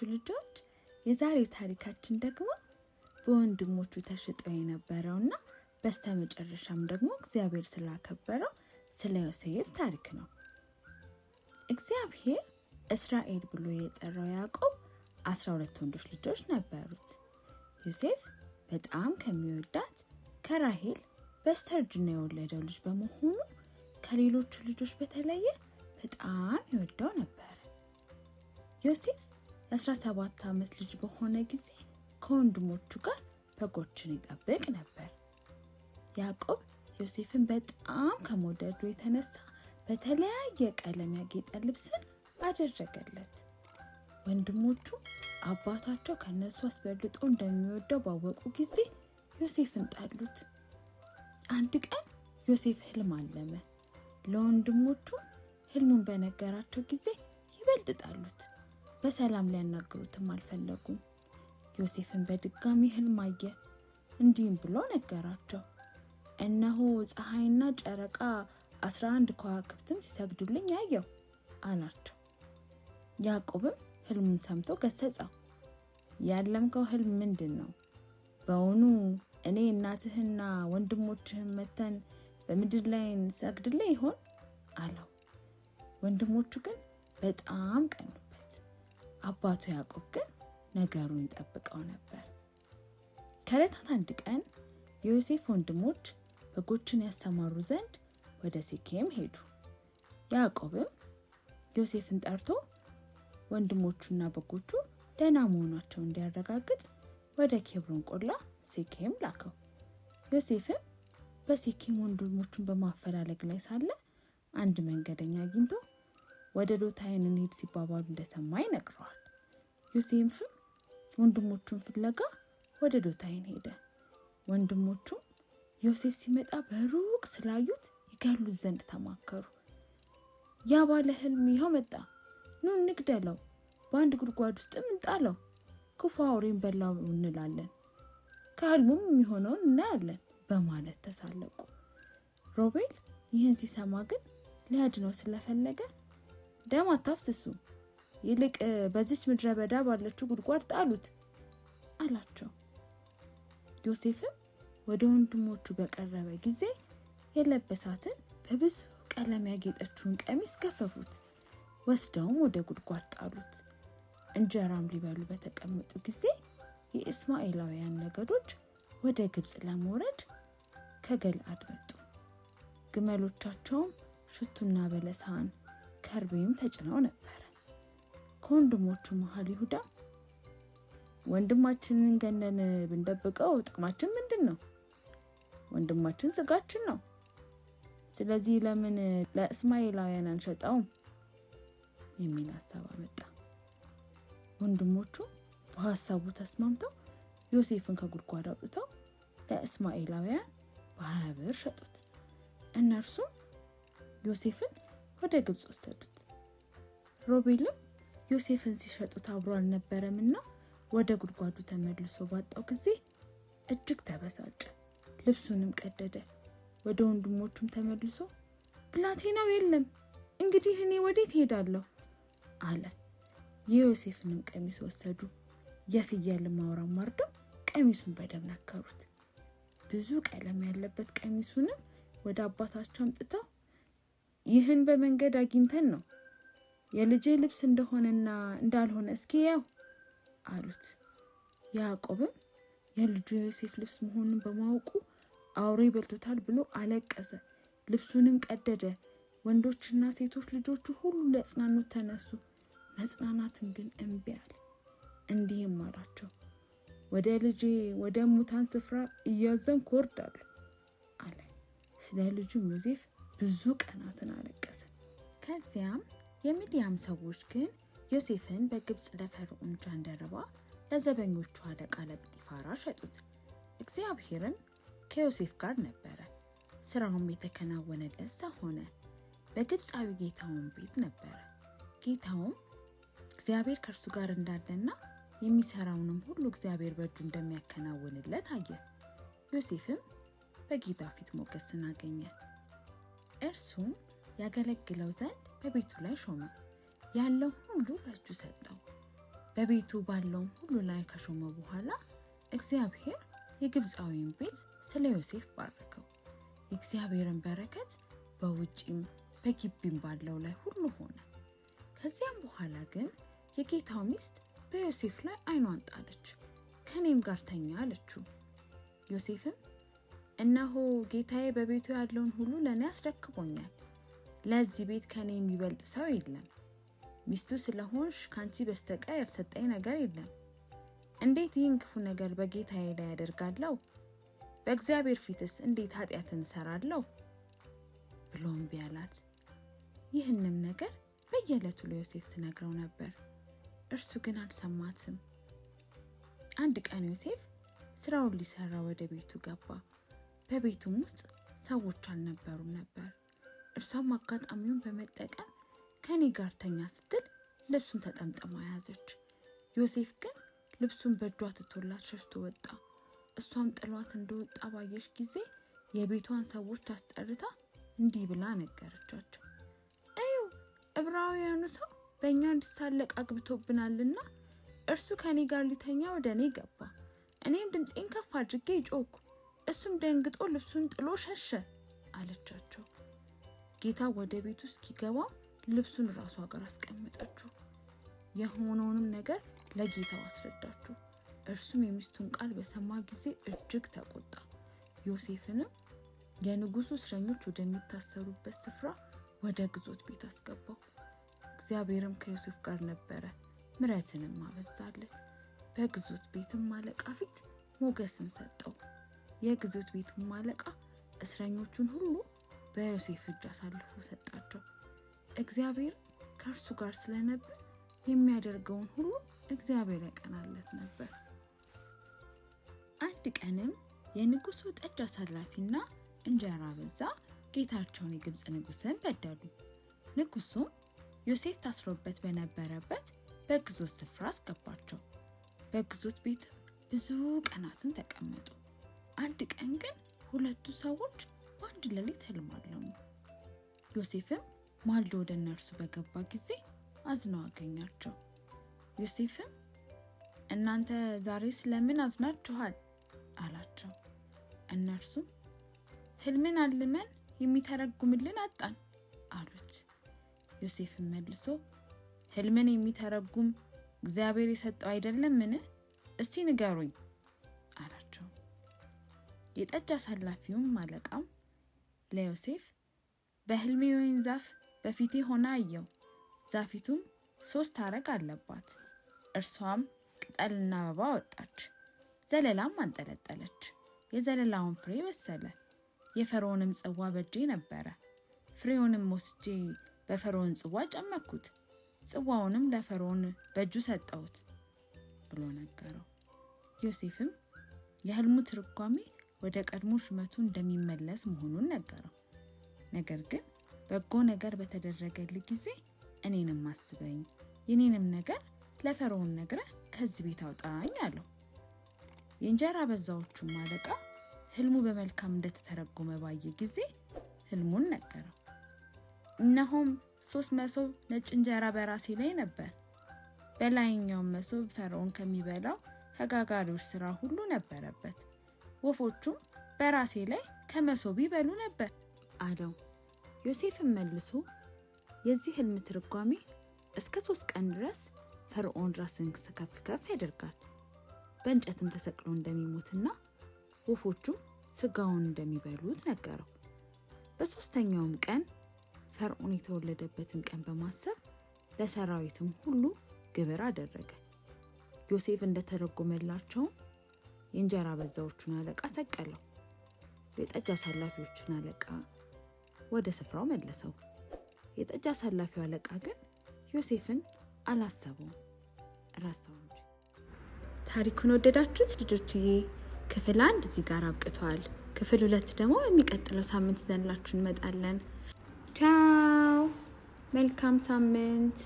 ያላችሁ ልጆች የዛሬው ታሪካችን ደግሞ በወንድሞቹ ተሽጠው የነበረውና በስተ መጨረሻም ደግሞ እግዚአብሔር ስላከበረው ስለ ዮሴፍ ታሪክ ነው። እግዚአብሔር እስራኤል ብሎ የጠራው ያዕቆብ አስራ ሁለት ወንዶች ልጆች ነበሩት። ዮሴፍ በጣም ከሚወዳት ከራሄል በስተርጅና የወለደው ልጅ በመሆኑ ከሌሎቹ ልጆች በተለየ በጣም ይወደው ነበር። ዮሴፍ የ17 ዓመት ልጅ በሆነ ጊዜ ከወንድሞቹ ጋር በጎችን ይጠብቅ ነበር። ያዕቆብ ዮሴፍን በጣም ከመውደዱ የተነሳ በተለያየ ቀለም ያጌጠ ልብስን አደረገለት። ወንድሞቹ አባታቸው ከነሱ አስበልጦ እንደሚወደው ባወቁ ጊዜ ዮሴፍን ጣሉት። አንድ ቀን ዮሴፍ ህልም አለመ። ለወንድሞቹ ህልሙን በነገራቸው ጊዜ ይበልጥ ጣሉት። በሰላም ሊያናግሩትም አልፈለጉም። ዮሴፍን በድጋሚ ህልም አየ። እንዲህም ብሎ ነገራቸው፣ እነሆ ፀሐይና ጨረቃ አስራ አንድ ከዋክብትም ሲሰግዱልኝ ያየው አላቸው። ያዕቆብም ህልሙን ሰምቶ ገሰጸው፣ ያለምከው ህልም ምንድን ነው? በውኑ እኔ እናትህና ወንድሞችህን መተን በምድር ላይ እንሰግድልህ ይሆን አለው። ወንድሞቹ ግን በጣም ቀኑ። አባቱ ያዕቆብ ግን ነገሩን ይጠብቀው ነበር። ከዕለታት አንድ ቀን የዮሴፍ ወንድሞች በጎችን ያሰማሩ ዘንድ ወደ ሴኬም ሄዱ። ያዕቆብም ዮሴፍን ጠርቶ ወንድሞቹና በጎቹ ደህና መሆኗቸው እንዲያረጋግጥ ወደ ኬብሮን ቆላ ሴኬም ላከው። ዮሴፍም በሴኬም ወንድሞቹን በማፈላለግ ላይ ሳለ አንድ መንገደኛ አግኝቶ ወደ ዶታይን እንሂድ ሲባባሉ እንደሰማ ይነግረዋል። ዮሴፍም ወንድሞቹን ፍለጋ ወደ ዶታይን ሄደ። ወንድሞቹም ዮሴፍ ሲመጣ በሩቅ ስላዩት ይገሉት ዘንድ ተማከሩ። ያ ባለ ህልም ይኸው መጣ፣ ኑ እንግደለው፣ በአንድ ጉድጓድ ውስጥም እንጣለው፣ ክፉ አውሬን በላው እንላለን፣ ከህልሙም የሚሆነውን እናያለን በማለት ተሳለቁ። ሮቤል ይህን ሲሰማ ግን ሊያድነው ስለፈለገ ደም አታፍስሱ፣ ይልቅ በዚች ምድረ በዳ ባለችው ጉድጓድ ጣሉት አላቸው። ዮሴፍም ወደ ወንድሞቹ በቀረበ ጊዜ የለበሳትን በብዙ ቀለም ያጌጠችውን ቀሚስ ገፈፉት፣ ወስደውም ወደ ጉድጓድ ጣሉት። እንጀራም ሊበሉ በተቀመጡ ጊዜ የእስማኤላውያን ነገዶች ወደ ግብፅ ለመውረድ ከገልአድ መጡ። ግመሎቻቸውም ሽቱና በለሳን ከርቤም ተጭነው ነበረ። ከወንድሞቹ መሀል ይሁዳ ወንድማችንን ገነን ብንደብቀው ጥቅማችን ምንድን ነው? ወንድማችን ስጋችን ነው። ስለዚህ ለምን ለእስማኤላውያን አንሸጠውም የሚል ሀሳብ አመጣ። ወንድሞቹ በሀሳቡ ተስማምተው ዮሴፍን ከጉድጓድ አውጥተው ለእስማኤላውያን በሀያ ብር ሸጡት። እነርሱም ዮሴፍን ወደ ግብፅ ወሰዱት። ሮቤልም ዮሴፍን ሲሸጡት አብሮ አልነበረም እና ወደ ጉድጓዱ ተመልሶ ባጣው ጊዜ እጅግ ተበሳጨ። ልብሱንም ቀደደ። ወደ ወንድሞቹም ተመልሶ ብላቴናው የለም፣ እንግዲህ እኔ ወዴት ሄዳለሁ አለ። የዮሴፍንም ቀሚስ ወሰዱ። የፍየል ማውራም አርደው ቀሚሱን በደም ነከሩት። ብዙ ቀለም ያለበት ቀሚሱንም ወደ አባታቸው አምጥተው ይህን በመንገድ አግኝተን ነው የልጄ ልብስ እንደሆነና እንዳልሆነ እስኪ ያው አሉት። ያዕቆብም የልጁ ዮሴፍ ልብስ መሆኑን በማወቁ አውሬ ይበልቶታል ብሎ አለቀሰ፣ ልብሱንም ቀደደ። ወንዶችና ሴቶች ልጆቹ ሁሉ ሊያጽናኑት ተነሱ፣ መጽናናትን ግን እምቢ አለ። እንዲህም አላቸው፣ ወደ ልጄ ወደ ሙታን ስፍራ እያዘንኩ እወርዳለሁ አለ። ስለ ልጁም ዮሴፍ ብዙ ቀናትን አለቀሰ። ከዚያም የሚዲያም ሰዎች ግን ዮሴፍን በግብፅ ለፈርዖን ጃንደረባ ለዘበኞቹ አለቃ ለጲጢፋራ ሸጡት። እግዚአብሔርም ከዮሴፍ ጋር ነበረ፣ ስራውም የተከናወነለት ደስታ ሆነ። በግብፃዊ ጌታውን ቤት ነበረ። ጌታውም እግዚአብሔር ከእርሱ ጋር እንዳለና የሚሰራውንም ሁሉ እግዚአብሔር በእጁ እንደሚያከናውንለት አየ። ዮሴፍም በጌታ ፊት ሞገስን አገኘ። እርሱም ያገለግለው ዘንድ በቤቱ ላይ ሾመ። ያለው ሁሉ በእጁ ሰጠው። በቤቱ ባለውም ሁሉ ላይ ከሾመ በኋላ እግዚአብሔር የግብፃዊውን ቤት ስለ ዮሴፍ ባረከው። የእግዚአብሔርን በረከት በውጪም በግቢም ባለው ላይ ሁሉ ሆነ። ከዚያም በኋላ ግን የጌታው ሚስት በዮሴፍ ላይ ዓይኗን ጣለች፣ ከእኔም ጋር ተኛ አለችው። ዮሴፍም እነሆ ጌታዬ በቤቱ ያለውን ሁሉ ለእኔ አስረክቦኛል። ለዚህ ቤት ከእኔ የሚበልጥ ሰው የለም። ሚስቱ ስለሆንሽ ከአንቺ በስተቀር ያልሰጠኝ ነገር የለም። እንዴት ይህን ክፉ ነገር በጌታዬ ላይ ያደርጋለሁ? በእግዚአብሔር ፊትስ እንዴት ኃጢአትን እሰራለሁ? ብሎ እምቢ አላት። ይህንም ነገር በየዕለቱ ለዮሴፍ ትነግረው ነበር። እርሱ ግን አልሰማትም። አንድ ቀን ዮሴፍ ስራውን ሊሰራ ወደ ቤቱ ገባ። በቤቱም ውስጥ ሰዎች አልነበሩም ነበር። እርሷም አጋጣሚውን በመጠቀም ከኔ ጋር ተኛ ስትል ልብሱን ተጠምጥማ ያዘች። ዮሴፍ ግን ልብሱን በእጇ ትቶላት ሸሽቶ ወጣ። እሷም ጥሏት እንደወጣ ባየች ጊዜ የቤቷን ሰዎች አስጠርታ እንዲህ ብላ ነገረቻቸው። እዩ እብራውያኑ ሰው በእኛ እንድሳለቅ አግብቶብናልና እርሱ ከኔ ጋር ሊተኛ ወደ እኔ ገባ። እኔም ድምፄን ከፍ አድርጌ ጮኩ። እሱም ደንግጦ ልብሱን ጥሎ ሸሸ አለቻቸው። ጌታ ወደ ቤቱ እስኪገባ ልብሱን ራሱ ሀገር አስቀመጠችው። የሆነውንም ነገር ለጌታው አስረዳችሁ እርሱም የሚስቱን ቃል በሰማ ጊዜ እጅግ ተቆጣ። ዮሴፍንም የንጉሱ እስረኞች ወደሚታሰሩበት ስፍራ ወደ ግዞት ቤት አስገባው። እግዚአብሔርም ከዮሴፍ ጋር ነበረ፣ ምረትንም አበዛለት። በግዞት ቤትም አለቃ ፊት ሞገስን ሰጠው። የግዞት ቤቱም አለቃ እስረኞቹን ሁሉ በዮሴፍ እጅ አሳልፎ ሰጣቸው። እግዚአብሔር ከእርሱ ጋር ስለነበር የሚያደርገውን ሁሉ እግዚአብሔር ያቀናለት ነበር። አንድ ቀንም የንጉሱ ጠጅ አሳላፊና እንጀራ በዛ ጌታቸውን የግብፅ ንጉስን በደሉ። ንጉሱም ዮሴፍ ታስሮበት በነበረበት በግዞት ስፍራ አስገባቸው። በግዞት ቤት ብዙ ቀናትን ተቀመጡ። አንድ ቀን ግን ሁለቱ ሰዎች በአንድ ሌሊት ህልም አለሙ። ዮሴፍም ማልዶ ወደ እነርሱ በገባ ጊዜ አዝነው አገኛቸው። ዮሴፍም እናንተ ዛሬ ስለምን አዝናችኋል? አላቸው። እነርሱም ህልምን አልመን የሚተረጉምልን አጣን አሉት። ዮሴፍም መልሶ ህልምን የሚተረጉም እግዚአብሔር የሰጠው አይደለምን? እስቲ ንገሩኝ የጠጅ አሳላፊውም አለቃም ለዮሴፍ በህልሜ ወይን ዛፍ በፊቴ ሆና አየው። ዛፊቱም ሶስት አረግ አለባት። እርሷም ቅጠልና አበባ ወጣች፣ ዘለላም አንጠለጠለች። የዘለላውን ፍሬ በሰለ። የፈርዖንም ጽዋ በእጄ ነበረ። ፍሬውንም ወስጄ በፈርዖን ጽዋ ጨመኩት፣ ጽዋውንም ለፈርዖን በእጁ ሰጠሁት ብሎ ነገረው። ዮሴፍም የህልሙ ትርጓሜ ወደ ቀድሞ ሹመቱ እንደሚመለስ መሆኑን ነገረው። ነገር ግን በጎ ነገር በተደረገልህ ጊዜ እኔንም አስበኝ፣ የኔንም ነገር ለፈርዖን ነግረህ ከዚህ ቤት አውጣኝ አለው። የእንጀራ በዛዎቹም አለቃ ህልሙ በመልካም እንደተተረጎመ ባየ ጊዜ ህልሙን ነገረው። እነሆም ሶስት መሶብ ነጭ እንጀራ በራሴ ላይ ነበር። በላይኛውም መሶብ ፈርዖን ከሚበላው ከጋጋሪዎች ስራ ሁሉ ነበረበት። ወፎቹም በራሴ ላይ ከመሶብ ይበሉ ነበር አለው። ዮሴፍም መልሶ የዚህ ህልም ትርጓሜ እስከ ሶስት ቀን ድረስ ፈርዖን ራስን ከፍ ከፍ ያደርጋል፣ በእንጨትም ተሰቅሎ እንደሚሞትና ወፎቹም ስጋውን እንደሚበሉት ነገረው። በሶስተኛውም ቀን ፈርዖን የተወለደበትን ቀን በማሰብ ለሰራዊትም ሁሉ ግብር አደረገ። ዮሴፍ እንደተረጎመላቸውም የእንጀራ በዛዎቹን አለቃ ሰቀለው። የጠጅ አሳላፊዎቹን አለቃ ወደ ስፍራው መለሰው። የጠጅ አሳላፊው አለቃ ግን ዮሴፍን አላሰቡም ረሳው እንጂ። ታሪኩን ወደዳችሁት ልጆችዬ? ክፍል አንድ እዚህ ጋር አብቅተዋል። ክፍል ሁለት ደግሞ የሚቀጥለው ሳምንት ይዘንላችሁ እንመጣለን። ቻው፣ መልካም ሳምንት።